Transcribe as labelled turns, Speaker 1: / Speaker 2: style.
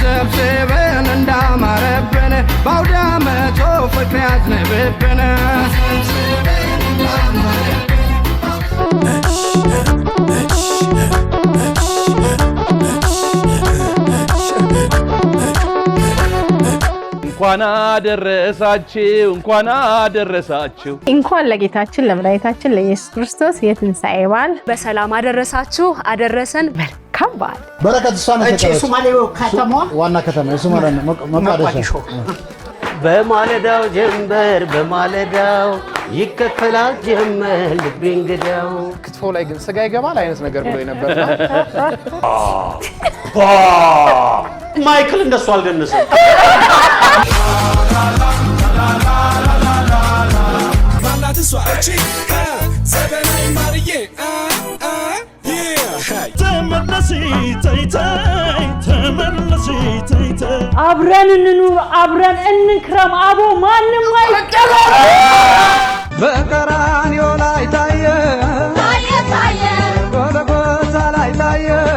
Speaker 1: ሰብስበን እንዳማረብን በአውደ ፍቅር ያዝንብብን እንኳን አደረሳችሁ እንኳን አደረሳችሁ። እንኳን ለጌታችን ለመድኃኒታችን ለኢየሱስ ክርስቶስ የትንሣኤ በዓል
Speaker 2: በሰላም አደረሳችሁ አደረሰን በል መልካም በዓል
Speaker 3: በረከት። ዋና ከተማ መቃደሻ
Speaker 4: በማለዳው ጀንበር በማለዳው ይከፈላል ጀመር ልቤ እንግዳው
Speaker 5: ክትፎ ላይ ግን ስጋ ይገባል አይነት ነገር ብሎ ነበር።
Speaker 6: ማይክል እንደሱ አልደነሰም።
Speaker 7: ተመለሲ ተይተይ ተመለሲ አብረን እንኑር አብረን እንክረም አቦ ማንም